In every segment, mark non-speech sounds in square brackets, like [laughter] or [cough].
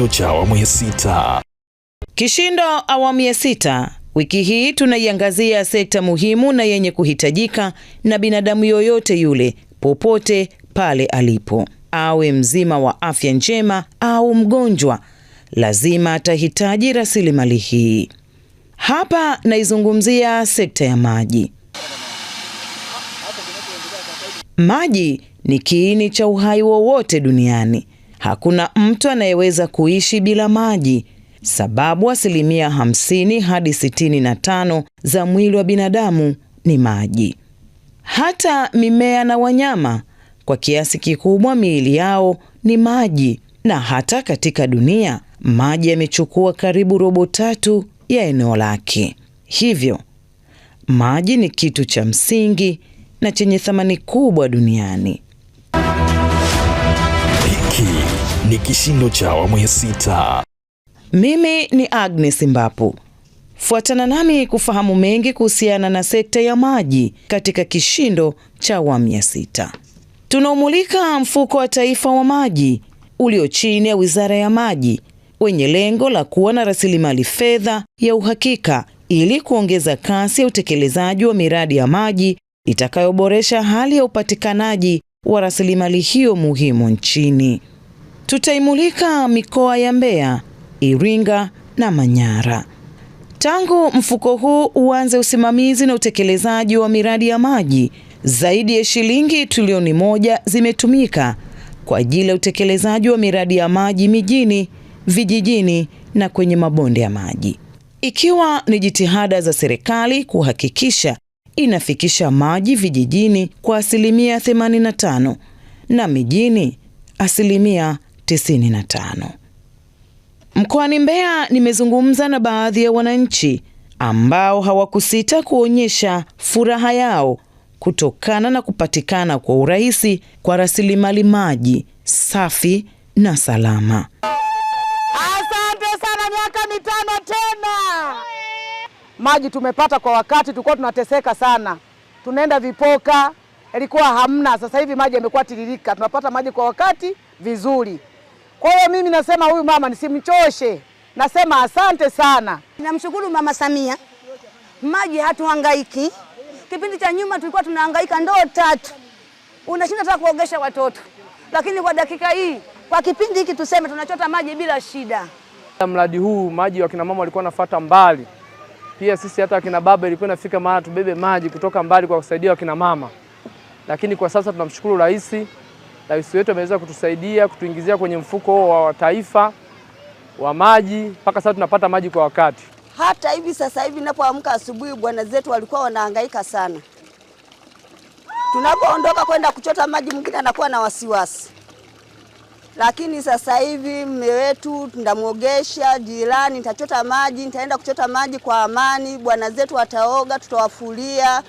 kishindo cha awamu ya sita. Kishindo awamu ya sita. Wiki hii tunaiangazia sekta muhimu na yenye kuhitajika na binadamu yoyote yule popote pale alipo, awe mzima wa afya njema au mgonjwa, lazima atahitaji rasilimali hii. Hapa naizungumzia sekta ya maji. Maji ni kiini cha uhai wowote duniani hakuna mtu anayeweza kuishi bila maji, sababu asilimia 50 hadi 65 za mwili wa binadamu ni maji. Hata mimea na wanyama kwa kiasi kikubwa miili yao ni maji, na hata katika dunia maji yamechukua karibu robo tatu ya eneo lake. Hivyo maji ni kitu cha msingi na chenye thamani kubwa duniani. ni kishindo cha awamu ya sita. Mimi ni Agnes Mbapu. Fuatana nami kufahamu mengi kuhusiana na sekta ya maji katika kishindo cha awamu ya sita. Tunaomulika mfuko wa taifa wa maji ulio chini ya wizara ya maji wenye lengo la kuwa na rasilimali fedha ya uhakika ili kuongeza kasi ya utekelezaji wa miradi ya maji itakayoboresha hali ya upatikanaji wa rasilimali hiyo muhimu nchini. Tutaimulika mikoa ya Mbeya, Iringa na Manyara. Tangu mfuko huu uanze usimamizi na utekelezaji wa miradi ya maji, zaidi ya shilingi trilioni moja zimetumika kwa ajili ya utekelezaji wa miradi ya maji mijini, vijijini na kwenye mabonde ya maji, ikiwa ni jitihada za serikali kuhakikisha inafikisha maji vijijini kwa asilimia 85 na mijini asilimia 95. Mkoani Mbeya nimezungumza na baadhi ya wananchi ambao hawakusita kuonyesha furaha yao kutokana na kupatikana kwa urahisi kwa rasilimali maji safi na salama. Asante sana, miaka mitano tena. Maji tumepata kwa wakati, tulikuwa tunateseka sana, tunaenda vipoka, ilikuwa hamna. Sasa hivi maji yamekuwa tiririka, tunapata maji kwa wakati vizuri. Kwa hiyo mimi nasema huyu mama nisimchoshe, nasema asante sana. Namshukuru Mama Samia, maji hatuhangaiki. Kipindi cha nyuma tulikuwa tunahangaika ndoo tatu, unashinda hata kuogesha watoto, lakini kwa dakika hii, kwa kipindi hiki tuseme, tunachota maji bila shida. Mradi huu maji kina mama walikuwa wanafuata mbali, pia sisi hata wakina baba ilikuwa inafika mara tubebe maji kutoka mbali kwa kusaidia wakina mama, lakini kwa sasa tunamshukuru rais rais wetu ameweza kutusaidia kutuingizia kwenye mfuko wa taifa wa maji, mpaka sasa tunapata maji kwa wakati. Hata hivi sasa hivi ninapoamka asubuhi, bwana zetu walikuwa wanahangaika sana. Tunapoondoka kwenda kuchota maji, mwingine anakuwa na wasiwasi lakini sasa hivi mme wetu ndamwogesha jirani, nitachota maji, nitaenda kuchota maji kwa amani. Bwana zetu wataoga, tutawafulia.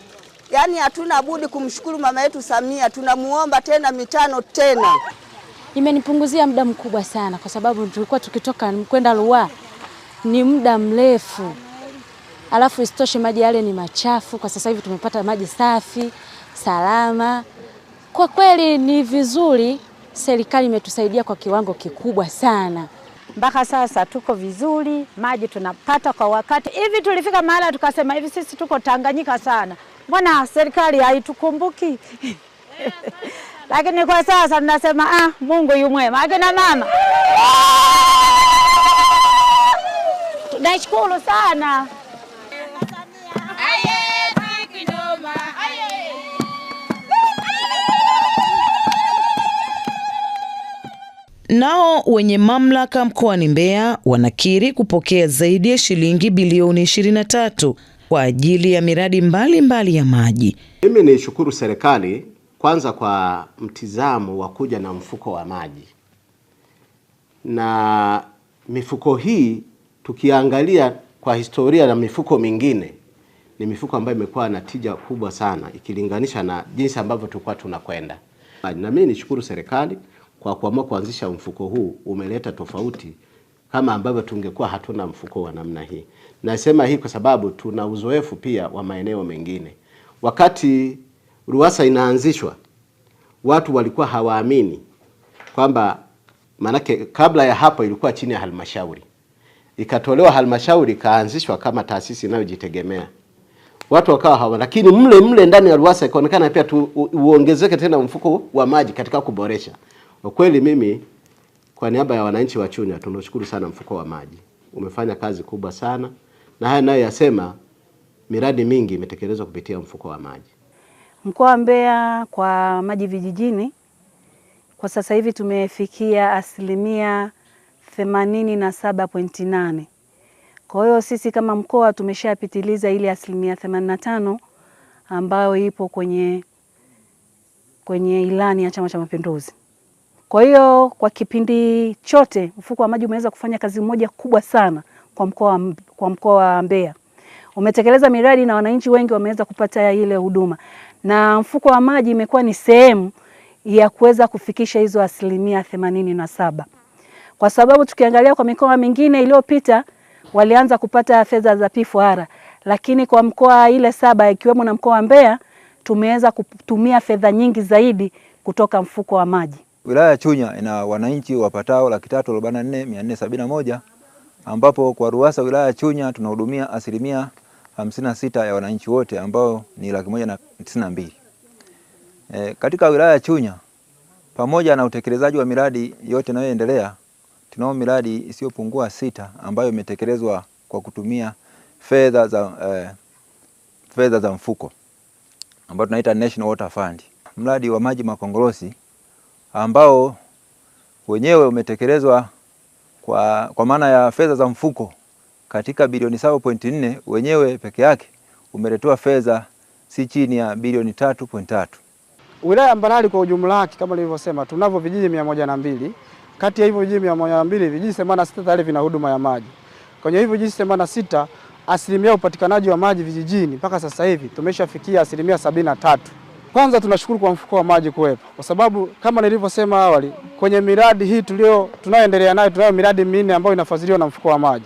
Yaani hatuna budi kumshukuru mama yetu Samia, tunamuomba tena mitano tena. Imenipunguzia muda mkubwa sana, kwa sababu tulikuwa tukitoka kwenda Ruaha ni muda mrefu, alafu isitoshe maji yale ni machafu. Kwa sasa hivi tumepata maji safi salama. Kwa kweli ni vizuri, serikali imetusaidia kwa kiwango kikubwa sana. Mpaka sasa tuko vizuri, maji tunapata kwa wakati. Hivi tulifika mahala tukasema hivi sisi tuko Tanganyika sana mbona serikali haitukumbuki? [laughs] Lakini kwa sasa tunasema ah, Mungu yu mwema. Akina mama tunashukuru sana. Nao wenye mamlaka mkoani Mbeya wanakiri kupokea zaidi ya shilingi bilioni 23 kwa ajili ya miradi mbalimbali mbali ya maji. Mimi nishukuru serikali kwanza kwa mtizamo wa kuja na mfuko wa maji, na mifuko hii tukiangalia kwa historia na mifuko mingine ni mifuko ambayo imekuwa na tija kubwa sana ikilinganisha na jinsi ambavyo tulikuwa tunakwenda. Na mimi nishukuru serikali kwa kuamua kuanzisha mfuko huu, umeleta tofauti kama ambavyo tungekuwa hatuna mfuko wa namna hii. Nasema hii kwa sababu tuna uzoefu pia wa maeneo mengine. Wakati RUWASA inaanzishwa, watu walikuwa hawaamini kwamba, maanake kabla ya hapo ilikuwa chini ya halmashauri, ikatolewa halmashauri ikaanzishwa kama taasisi inayojitegemea watu wakawa hawa, lakini mle mle ndani ya RUWASA ikaonekana pia tu uongezeke tena mfuko wa maji katika kuboresha. Kwa kweli, mimi kwa niaba ya wananchi wa Chunya tunashukuru sana mfuko wa maji, umefanya kazi kubwa sana na haya nayo yasema miradi mingi imetekelezwa kupitia mfuko wa maji mkoa wa Mbeya kwa maji vijijini. Kwa sasa hivi tumefikia asilimia themanini na saba pointi nane. Kwa hiyo sisi kama mkoa tumeshapitiliza ile asilimia themanini na tano ambayo ipo kwenye, kwenye ilani ya Chama cha Mapinduzi. Kwa hiyo kwa kipindi chote mfuko wa maji umeweza kufanya kazi moja kubwa sana kwa mkoa kwa mkoa wa Mbeya umetekeleza miradi na wananchi wengi wameweza kupata ile huduma, na mfuko wa maji imekuwa ni sehemu ya kuweza kufikisha hizo asilimia themanini na saba kwa sababu tukiangalia kwa mikoa mingine iliyopita walianza kupata fedha za PFUR, lakini kwa mkoa ile saba ikiwemo na mkoa wa Mbeya tumeweza kutumia fedha nyingi zaidi kutoka mfuko wa maji. Wilaya ya Chunya ina wananchi wapatao laki tatu arobaini na nne mia nne sabini na moja ambapo kwa RUWASA wilaya ya Chunya tunahudumia asilimia hamsini na sita ya wananchi wote ambao ni laki moja na tisini na mbili. E, katika wilaya ya Chunya pamoja na utekelezaji wa miradi yote inayoendelea tunao miradi isiyopungua sita ambayo imetekelezwa kwa kutumia fedha za, eh, fedha za mfuko ambao tunaita National Water Fund. Mradi wa maji makongorosi ambao wenyewe umetekelezwa kwa, kwa maana ya fedha za mfuko katika bilioni 7.4 wenyewe peke yake umeletewa fedha si chini ya bilioni 3.3. Wilaya ya Mbarali kwa ujumla wake kama nilivyosema, tunavyo vijiji mia moja na mbili. Kati ya hivyo vijiji mia moja na mbili, vijiji sita tayari vina huduma ya maji. Kwenye hivyo vijiji sita, asilimia upatikanaji wa maji vijijini mpaka sasa hivi tumeshafikia asilimia sabini na tatu. Kwanza tunashukuru kwa mfuko wa maji kuwepo, kwa sababu kama nilivyosema awali, kwenye miradi hii tulio tunayoendelea nayo tunayo miradi minne ambayo inafadhiliwa na mfuko wa maji,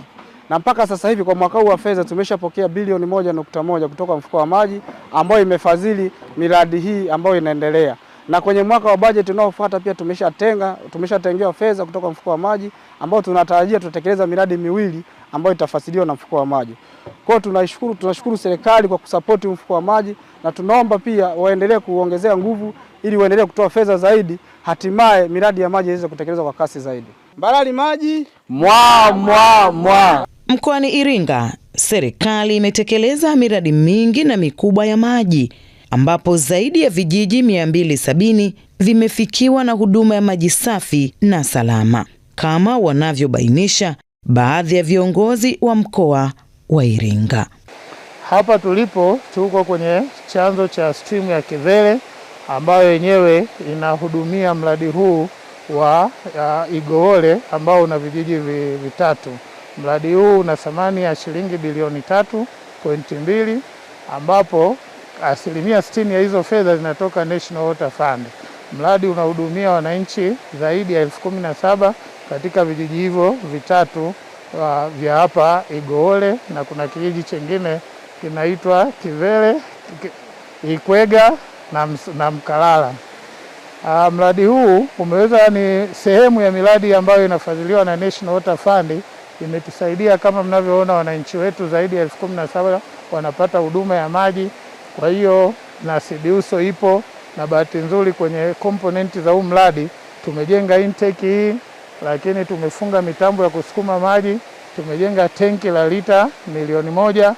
na mpaka sasa hivi kwa mwaka huu wa fedha tumeshapokea bilioni moja nukta moja kutoka mfuko wa maji ambayo imefadhili miradi hii ambayo inaendelea na kwenye mwaka wa bajeti unaofuata pia tumeshatenga tumeshatengewa fedha kutoka mfuko wa maji ambao tunatarajia tutatekeleza miradi miwili ambayo itafasiliwa na mfuko wa maji. Kwa hiyo tunashukuru, tunashukuru serikali kwa kusapoti mfuko wa maji na tunaomba pia waendelee kuongezea nguvu ili waendelee kutoa fedha zaidi, hatimaye miradi ya maji iweze kutekelezwa kwa kasi zaidi. Mbarali maji mwa mwa mwa. Mkoani Iringa serikali imetekeleza miradi mingi na mikubwa ya maji ambapo zaidi ya vijiji 270 vimefikiwa na huduma ya maji safi na salama, kama wanavyobainisha baadhi ya viongozi wa mkoa wa Iringa. Hapa tulipo tuko kwenye chanzo cha stream ya Kivele ambayo yenyewe inahudumia mradi huu wa uh, Igoole ambao una vijiji vitatu. Mradi huu una thamani ya shilingi bilioni tatu pointi mbili ambapo asilimia sitini ya hizo fedha zinatoka National Water Fund. Mradi unahudumia wananchi zaidi ya elfu kumi na saba katika vijiji hivyo vitatu uh, vya hapa Igoole na kuna kijiji chengine kinaitwa Kivele, Ikwega na, na Mkalala. Uh, mradi huu umeweza ni sehemu ya miradi ambayo inafadhiliwa na National Water Fund, imetusaidia kama mnavyoona, wananchi wetu zaidi ya elfu kumi na saba wanapata huduma ya maji kwa hiyo na CBIUSO ipo na bahati nzuri kwenye komponenti za huu mradi tumejenga intake hii, lakini tumefunga mitambo ya kusukuma maji, tumejenga tenki la lita milioni moja,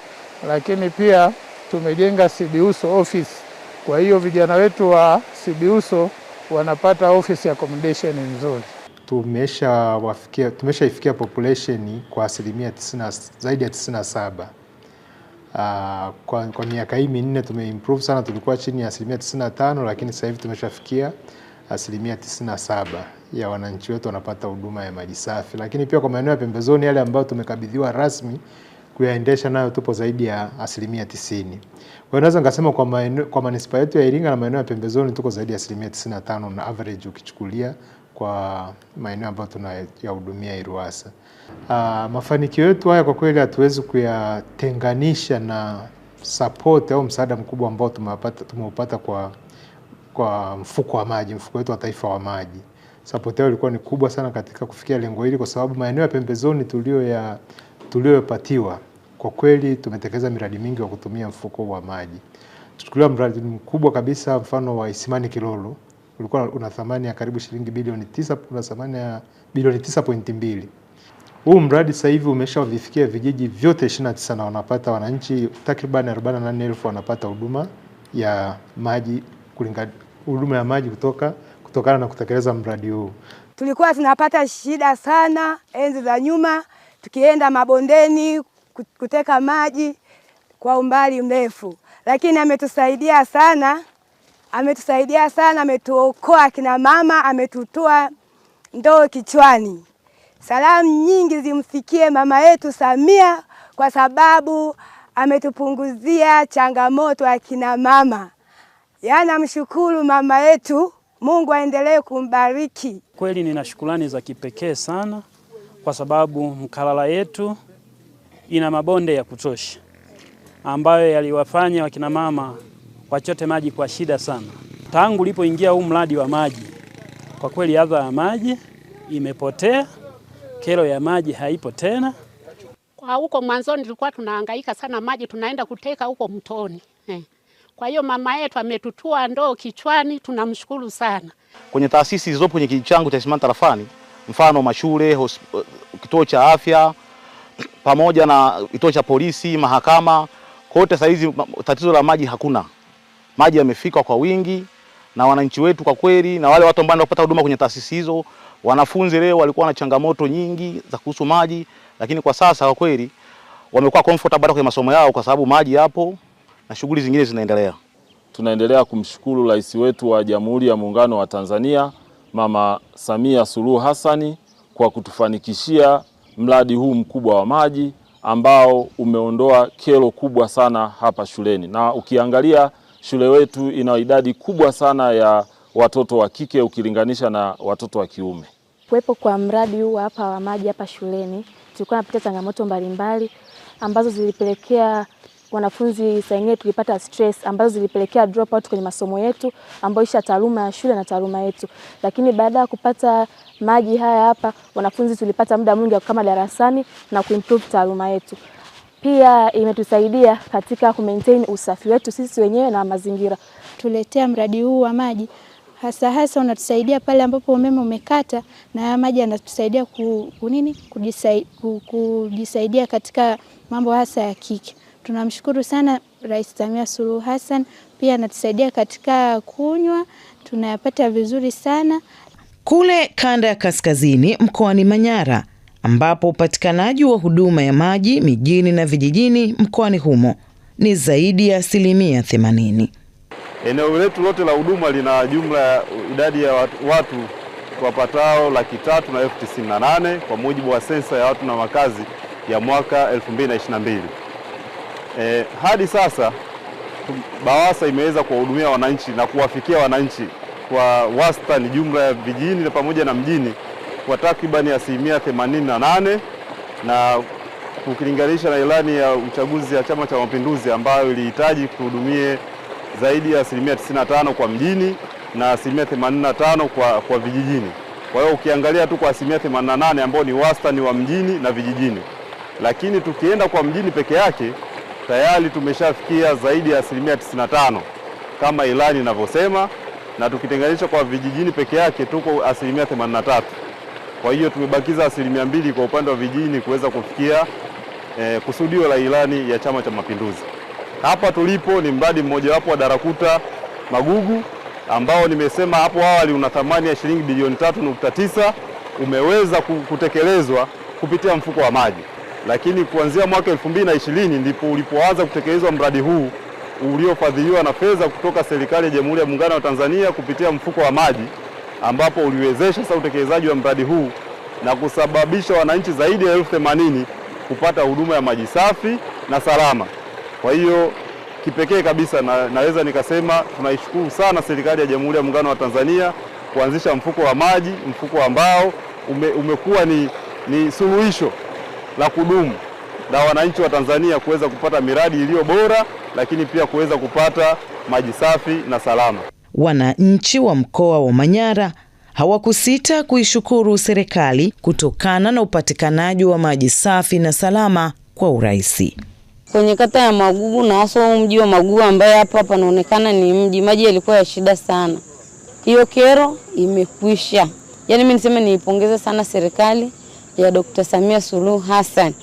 lakini pia tumejenga sibiuso office. Kwa hiyo vijana wetu wa sibiuso wanapata office accommodation nzuri. Tumeshawafikia, tumeshaifikia population kwa asilimia zaidi ya 97 Uh, kwa, kwa miaka hii minne tumeimprove sana, tulikuwa chini ya asilimia 95 lakini sasa hivi tumeshafikia asilimia 97 ya wananchi wetu wanapata huduma ya maji safi. Lakini pia kwa maeneo ya pembezoni yale ambayo tumekabidhiwa rasmi kuyaendesha, nayo tupo zaidi ya asilimia 90. Kwa hiyo naweza nikasema kwa, maeneo, kwa manispaa yetu ya Iringa na maeneo ya pembezoni tuko zaidi ya asilimia 95 na average ukichukulia kwa maeneo ambayo tunayahudumia Iruwasa. Uh, ah, mafanikio yetu haya kwa kweli hatuwezi kuyatenganisha na support au msaada mkubwa ambao tumeupata kwa, kwa mfuko wa maji, mfuko wetu wa taifa wa maji. Support yao ilikuwa ni kubwa sana katika kufikia lengo hili, kwa sababu maeneo ya pembezoni tuliyopatiwa kwa kweli tumetekeleza miradi mingi wa kutumia mfuko wa maji. Tuchukulia mradi mkubwa kabisa, mfano wa Isimani Kilolo ulikuwa una thamani ya karibu shilingi bilioni tisa, una thamani ya bilioni 9.2. Huu mradi sasa hivi umeshavifikia vijiji vyote 29 na wanapata wananchi takriban 48,000 wanapata huduma ya maji kulingana huduma ya maji kutoka kutokana na kutekeleza mradi huu. Tulikuwa tunapata shida sana enzi za nyuma, tukienda mabondeni kuteka maji kwa umbali mrefu, lakini ametusaidia sana ametusaidia sana, ametuokoa akina mama, ametutoa ndoo kichwani. Salamu nyingi zimfikie mama yetu Samia kwa sababu ametupunguzia changamoto kina mama. Yana mshukuru mama yetu, Mungu aendelee kumbariki. Kweli nina shukrani za kipekee sana kwa sababu Mkalala yetu ina mabonde ya kutosha ambayo yaliwafanya wakina mama wachote maji kwa shida sana. Tangu ulipoingia huu mradi wa maji, kwa kweli adha ya maji imepotea, kero ya maji haipo tena. Kwa huko mwanzoni tulikuwa tunahangaika sana maji, tunaenda kuteka huko mtoni eh. Kwa hiyo mama yetu ametutua ndoo kichwani, tunamshukuru sana. Kwenye taasisi zilizopo kwenye kijiji changu cha Isimani tarafani, mfano mashule, eh, kituo cha afya pamoja na kituo cha polisi, mahakama, kote saizi tatizo la maji hakuna maji yamefika kwa wingi na wananchi wetu kwa kweli, na wale watu ambao wanapata huduma kwenye taasisi hizo, wanafunzi leo walikuwa na changamoto nyingi za kuhusu maji, lakini kwa sasa kwa kweli wamekuwa comfortable kwenye masomo yao kwa sababu maji yapo na shughuli zingine zinaendelea. Tunaendelea kumshukuru Rais wetu wa Jamhuri ya Muungano wa Tanzania Mama Samia Suluhu Hassani kwa kutufanikishia mradi huu mkubwa wa maji ambao umeondoa kero kubwa sana hapa shuleni, na ukiangalia shule wetu ina idadi kubwa sana ya watoto wa kike ukilinganisha na watoto wa kiume. Kuwepo kwa mradi huu hapa wa maji hapa shuleni, tulikuwa tunapitia changamoto mbalimbali ambazo zilipelekea wanafunzi saa tulipata stress ambazo zilipelekea out kwenye masomo yetu ambayo isha taaluma ya shule na taaluma yetu. Lakini baada ya kupata maji haya hapa, wanafunzi tulipata muda mwingi kama darasani na kuimprove taaluma yetu. Pia imetusaidia katika ku usafi wetu sisi wenyewe na mazingira. Tuletea mradi huu wa maji hasa hasa unatusaidia pale ambapo umeme umekata, na haya maji yanatusaidia ku, kunini kujisaidia, kujisaidia katika mambo hasa ya kike. Tunamshukuru sana Rais Samia Suluhu Hassan, pia anatusaidia katika kunywa, tunayapata vizuri sana. Kule kanda ya kaskazini mkoani Manyara ambapo upatikanaji wa huduma ya maji mijini na vijijini mkoani humo ni zaidi ya asilimia themanini. Eneo letu lote la huduma lina jumla ya idadi ya watu, wapatao laki tatu na elfu tisini na nane kwa mujibu wa sensa ya watu na makazi ya mwaka 2022. E, hadi sasa BAWASA imeweza kuwahudumia wananchi na kuwafikia wananchi kwa wastani jumla ya vijijini pamoja na mjini kwa takribani asilimia 88 na ukilinganisha na ilani ya uchaguzi ya Chama cha Mapinduzi ambayo ilihitaji kuhudumie zaidi ya asilimia 95 kwa mjini na asilimia 85 kwa, kwa vijijini. Kwa hiyo ukiangalia tu kwa asilimia 88 ambao ni wastani wa mjini na vijijini, lakini tukienda kwa mjini peke yake tayari tumeshafikia zaidi ya asilimia 95 kama ilani inavyosema, na tukitenganisha kwa vijijini peke yake tuko asilimia 83. Kwa hiyo tumebakiza asilimia mbili kwa upande wa vijijini kuweza kufikia eh, kusudio la ilani ya Chama cha Mapinduzi. Hapa tulipo ni mradi mmojawapo wa Darakuta Magugu ambao nimesema hapo awali una thamani ya shilingi bilioni tatu nukta tisa umeweza kutekelezwa kupitia mfuko wa maji, lakini kuanzia mwaka elfu mbili na ishirini ndipo ulipoanza kutekelezwa mradi huu uliofadhiliwa na fedha kutoka serikali ya Jamhuri ya Muungano wa Tanzania kupitia mfuko wa maji ambapo uliwezesha sasa utekelezaji wa mradi huu na kusababisha wananchi zaidi ya elfu themanini kupata huduma ya maji safi na salama. Kwa hiyo kipekee kabisa na, naweza nikasema tunaishukuru sana serikali ya Jamhuri ya Muungano wa Tanzania kuanzisha mfuko wa maji, mfuko ambao ume, umekuwa ni, ni suluhisho la kudumu la wananchi wa Tanzania kuweza kupata miradi iliyo bora, lakini pia kuweza kupata maji safi na salama. Wananchi wa mkoa wa Manyara hawakusita kuishukuru serikali kutokana na upatikanaji wa maji safi na salama kwa urahisi kwenye kata ya Magugu na hasa mji wa Magugu ambaye hapa panaonekana ni mji, maji yalikuwa ya shida sana. Hiyo kero imekwisha. Yaani mimi niseme niipongeze sana serikali ya Dr. Samia Suluhu Hassan.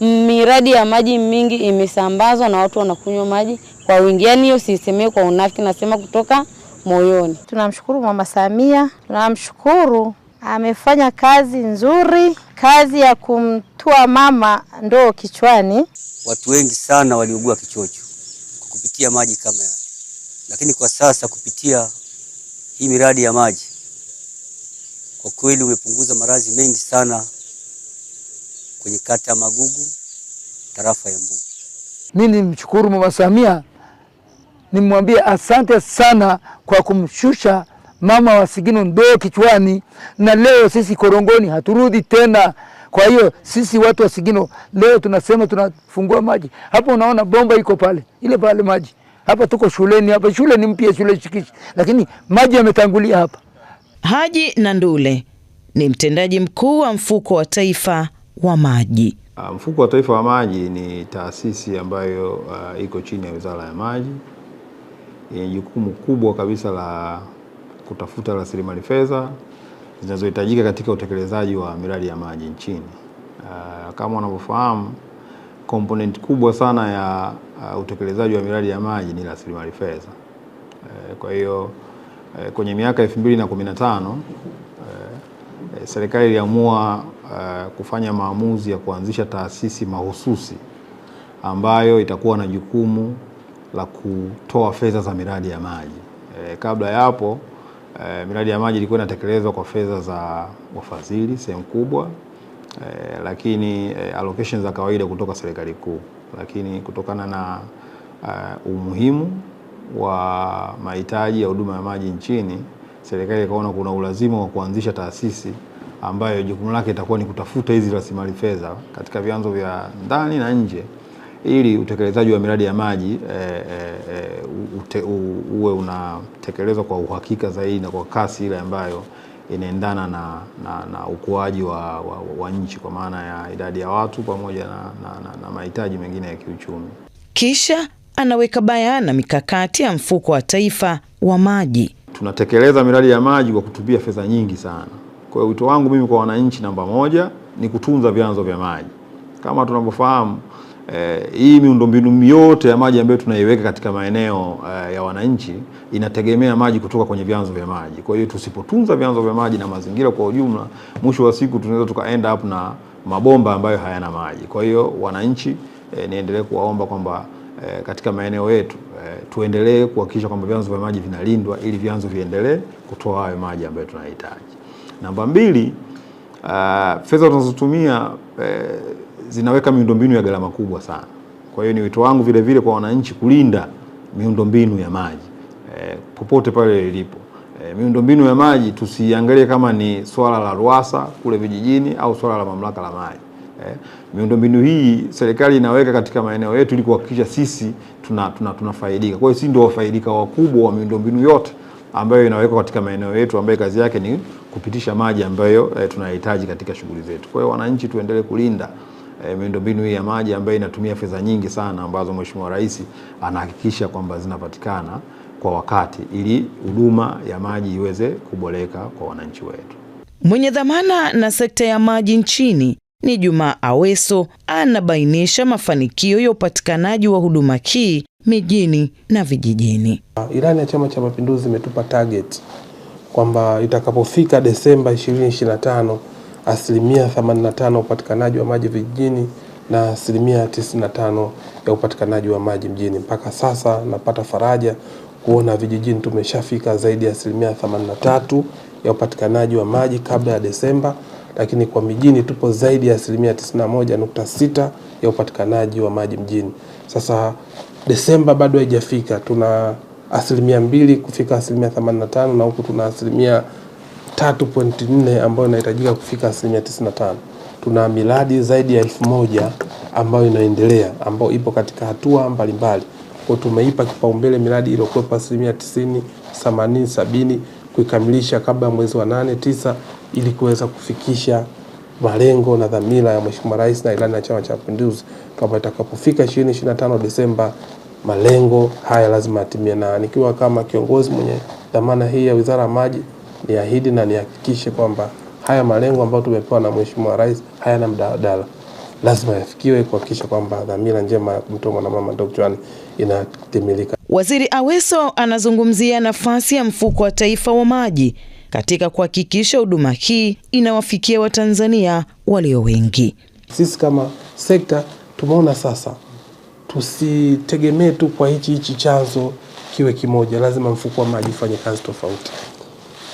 Miradi ya maji mingi imesambazwa na watu wanakunywa maji kwa wingi. Yaani hiyo siisemee kwa unafiki, nasema kutoka moyoni. Tunamshukuru Mama Samia, tunamshukuru amefanya kazi nzuri, kazi ya kumtua mama ndoo kichwani. Watu wengi sana waliugua kichocho kwa kupitia maji kama yale, lakini kwa sasa kupitia hii miradi ya maji kwa kweli umepunguza maradhi mengi sana kwenye kata ya Magugu tarafa ya Mbugu. Mimi nimshukuru Mama Samia, nimwambie asante sana kwa kumshusha mama wa Sigino Ndoo kichwani, na leo sisi Korongoni haturudi tena. Kwa hiyo sisi watu wa Sigino leo tunasema tunafungua maji hapo. Unaona bomba iko pale ile pale maji hapa, tuko shuleni hapa. Shule ni mpya, shule shikishi, lakini maji yametangulia hapa. Haji Nandule ni mtendaji mkuu wa mfuko wa taifa wa maji. Ah, mfuko wa taifa wa maji ni taasisi ambayo uh, iko chini ya wizara ya maji yenye eh, jukumu kubwa kabisa la kutafuta rasilimali fedha zinazohitajika katika utekelezaji wa miradi ya maji nchini. Uh, kama wanavyofahamu komponenti kubwa sana ya uh, utekelezaji wa miradi ya maji ni rasilimali fedha. Uh, kwa hiyo uh, kwenye miaka elfu mbili na kumi na tano uh, serikali iliamua uh, kufanya maamuzi ya kuanzisha taasisi mahususi ambayo itakuwa na jukumu la kutoa fedha za miradi ya maji. E, kabla ya hapo e, miradi ya maji ilikuwa inatekelezwa kwa fedha za wafadhili sehemu kubwa e, lakini e, allocation za kawaida kutoka serikali kuu, lakini kutokana na e, umuhimu wa mahitaji ya huduma ya maji nchini, serikali ikaona kuna ulazima wa kuanzisha taasisi ambayo jukumu lake itakuwa ni kutafuta hizi rasilimali fedha katika vyanzo vya ndani na nje ili utekelezaji wa miradi ya maji e, e, ute, u, uwe unatekelezwa kwa uhakika zaidi na kwa kasi ile ambayo inaendana na, na, na ukuaji wa, wa, wa nchi kwa maana ya idadi ya watu pamoja na, na, na, na mahitaji mengine ya kiuchumi. Kisha anaweka bayana mikakati ya mfuko wa taifa wa maji. Tunatekeleza miradi ya maji kwa kutumia fedha nyingi sana. Kwa hiyo wito wangu mimi kwa wananchi, namba moja ni kutunza vyanzo vya maji. Kama tunavyofahamu Eh, hii miundombinu yote ya maji ambayo tunaiweka katika maeneo eh, ya wananchi inategemea maji kutoka kwenye vyanzo vya maji. Kwa hiyo tusipotunza vyanzo vya maji na mazingira kwa ujumla, mwisho wa siku tunaweza tukaenda up na mabomba ambayo hayana maji. Kwa hiyo wananchi, eh, niendelee kuwaomba kwamba eh, katika maeneo yetu eh, tuendelee kuhakikisha kwamba vyanzo vya maji vinalindwa ili vyanzo viendelee kutoa hayo maji ambayo tunahitaji. Namba mbili, uh, fedha tunazotumia eh, zinaweka miundombinu ya gharama kubwa sana. Kwa hiyo ni wito wangu vile vile kwa wananchi kulinda miundombinu ya maji e, popote pale ilipo e, miundombinu ya maji tusiangalie kama ni swala la RUWASA kule vijijini au swala la mamlaka la maji e, miundombinu hii serikali inaweka katika maeneo yetu ili kuhakikisha sisi tunafaidika tuna, tuna. Kwa hiyo sisi ndio wafaidika wakubwa wa miundombinu yote ambayo inawekwa katika maeneo yetu ambayo kazi yake ni kupitisha maji ambayo e, tunahitaji katika shughuli zetu. Kwa hiyo wananchi tuendelee kulinda e, miundombinu hii ya maji ambayo inatumia fedha nyingi sana ambazo Mheshimiwa Rais anahakikisha kwamba zinapatikana kwa wakati ili huduma ya maji iweze kuboreka kwa wananchi wetu. Mwenye dhamana na sekta ya maji nchini ni Jumaa Aweso anabainisha mafanikio ya upatikanaji wa huduma hii mijini na vijijini. Ilani ya Chama cha Mapinduzi imetupa target kwamba itakapofika Desemba 2025 asilimia 85 upatikanaji wa maji vijijini na asilimia 95 ya upatikanaji wa maji mjini. Mpaka sasa napata faraja kuona vijijini tumeshafika zaidi ya asilimia 83 ya upatikanaji wa maji kabla ya Desemba, lakini kwa mijini tupo zaidi ya asilimia 91.6 ya upatikanaji wa maji mjini. Sasa Desemba bado haijafika, tuna asilimia mbili kufika asilimia 85 na huku tuna asilimia 3.4 ambayo inahitajika kufika asilimia 95. Tuna miradi zaidi ya elfu moja ambayo inaendelea ambayo ipo katika hatua mbalimbali kwa tumeipa kipaumbele miradi iliyokuwepo asilimia 90, 80, 70 kuikamilisha kabla ya mwezi wa nane tisa, ili kuweza kufikisha malengo na dhamira ya Mheshimiwa Rais na ilani ya Chama cha Mapinduzi kwamba itakapofika 2025 Desemba malengo haya lazima atimie, na nikiwa kama kiongozi mwenye dhamana hii ya Wizara ya Maji niahidi na nihakikishe kwamba haya malengo ambayo tumepewa na Mheshimiwa Rais hayana mdadala lazima yafikiwe kuhakikisha kwamba dhamira njema ya kumtoa mwanamama ndoo kichwani inatimilika. Waziri Aweso anazungumzia nafasi ya mfuko wa taifa wa maji katika kuhakikisha huduma hii inawafikia Watanzania walio wengi. Sisi kama sekta tumeona sasa tusitegemee tu kwa hichi hichi chanzo kiwe kimoja, lazima mfuko wa maji ufanye kazi tofauti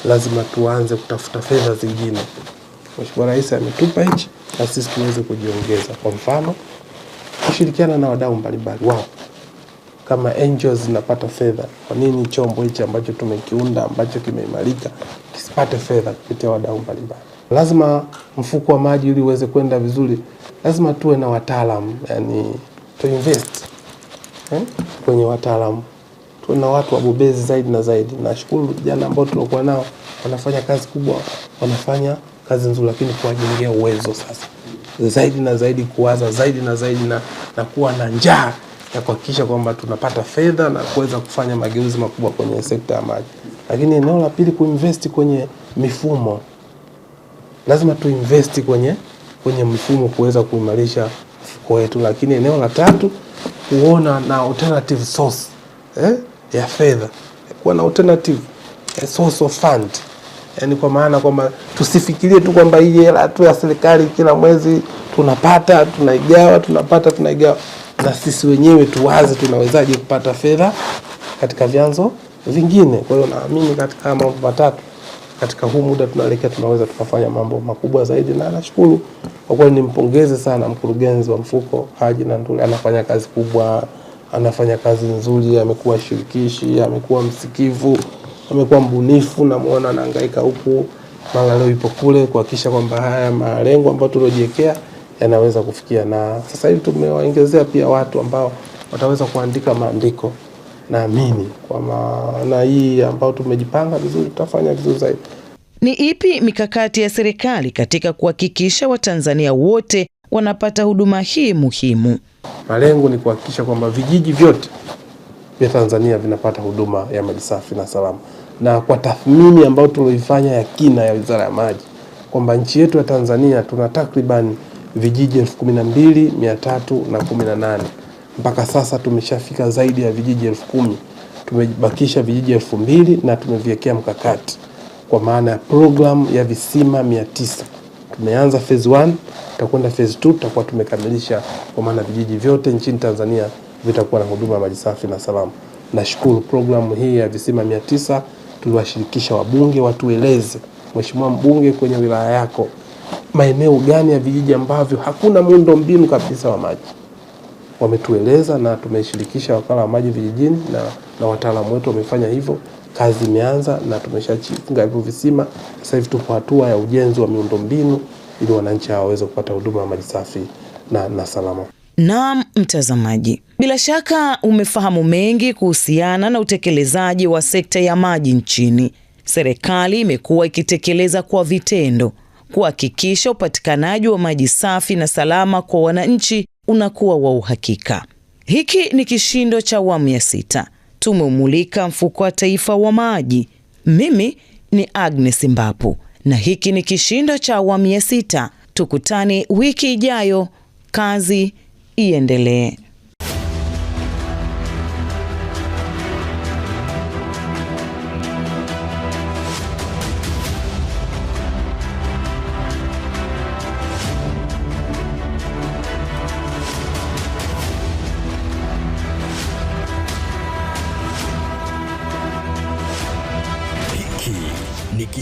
lazima tuanze kutafuta fedha zingine. Mheshimiwa Rais ametupa hichi na sisi tuweze kujiongeza. Kwa mfano, kushirikiana na wadau mbalimbali wao kama angels zinapata fedha, kwa nini chombo hichi ambacho tumekiunda ambacho kimeimarika kisipate fedha kupitia wadau mbalimbali? Lazima mfuko wa maji ili uweze kwenda vizuri, lazima tuwe na wataalamu, yani invest eh, kwenye wataalamu na watu wabobezi zaidi na zaidi. Nashukuru vijana ambao tulikuwa nao wanafanya kazi kubwa, wanafanya kazi nzuri, lakini kuwajengea uwezo sasa zaidi na zaidi, kuwaza zaidi na zaidi na, na kuwa na njaa ya kuhakikisha kwamba tunapata fedha na kuweza kufanya mageuzi makubwa kwenye sekta ya maji. Lakini eneo la pili, kuinvest kwenye mifumo, lazima tuinvesti kwenye kwenye mifumo kuweza kuimarisha mfuko wetu. Lakini eneo la tatu, kuona na alternative source eh? ya fedha, kuwa na alternative a source of fund, yani kwa maana kwamba tusifikirie tu kwamba hii hela tu ya serikali kila mwezi tunapata tunaigawa, tunapata tunaigawa, na sisi wenyewe tuwaze tunawezaje kupata fedha katika vyanzo vingine. Kwa hiyo naamini katika mambo matatu katika huu muda tunaelekea, tunaweza tukafanya mambo makubwa zaidi, na nashukuru kwa kweli, nimpongeze sana mkurugenzi wa mfuko Haji Nandule, anafanya kazi kubwa anafanya kazi nzuri, amekuwa shirikishi, amekuwa msikivu, amekuwa mbunifu, namwona anahangaika huku, mara leo ipo kule, kuhakikisha kwamba haya malengo ambayo tuliojiwekea yanaweza kufikia. Na sasa hivi tumewaongezea pia watu ambao wataweza kuandika maandiko, naamini kwa maana hii ambayo tumejipanga vizuri, tutafanya vizuri zaidi. Ni ipi mikakati ya serikali katika kuhakikisha Watanzania wote wanapata huduma hii muhimu? Malengo ni kuhakikisha kwamba vijiji vyote vya Tanzania vinapata huduma ya maji safi na salama, na kwa tathmini ambayo tulioifanya ya kina ya Wizara ya Maji kwamba nchi yetu ya Tanzania tuna takriban vijiji elfu kumi na mbili mia tatu na kumi na nane mpaka sasa tumeshafika zaidi ya vijiji elfu kumi tumebakisha vijiji elfu mbili na tumeviwekea mkakati kwa maana ya programu ya visima mia tisa Tumeanza phase 1 tutakwenda phase 2 tutakuwa tumekamilisha, kwa maana vijiji vyote nchini Tanzania vitakuwa na huduma ya maji safi na salama. Nashukuru programu hii ya visima mia tisa tuliwashirikisha wabunge watueleze, mheshimiwa mbunge, kwenye wilaya yako maeneo gani ya vijiji ambavyo hakuna muundo mbinu kabisa wa maji. Wametueleza na tumeshirikisha wakala wa maji vijijini na, na wataalamu wetu wamefanya hivyo kazi imeanza na tumeshachifunga hivyo visima. Sasa hivi tupo hatua ya ujenzi wa miundombinu ili wananchi waweze kupata huduma ya maji safi na, na salama. Naam mtazamaji, bila shaka umefahamu mengi kuhusiana na utekelezaji wa sekta ya maji nchini. Serikali imekuwa ikitekeleza kwa vitendo kuhakikisha upatikanaji wa maji safi na salama kwa wananchi unakuwa wa uhakika. Hiki ni kishindo cha awamu ya sita tumeumulika mfuko wa taifa wa maji. Mimi ni Agnes Mbapu na hiki ni kishindo cha awamu ya sita. Tukutane wiki ijayo, kazi iendelee.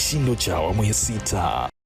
kishindo cha awamu ya sita.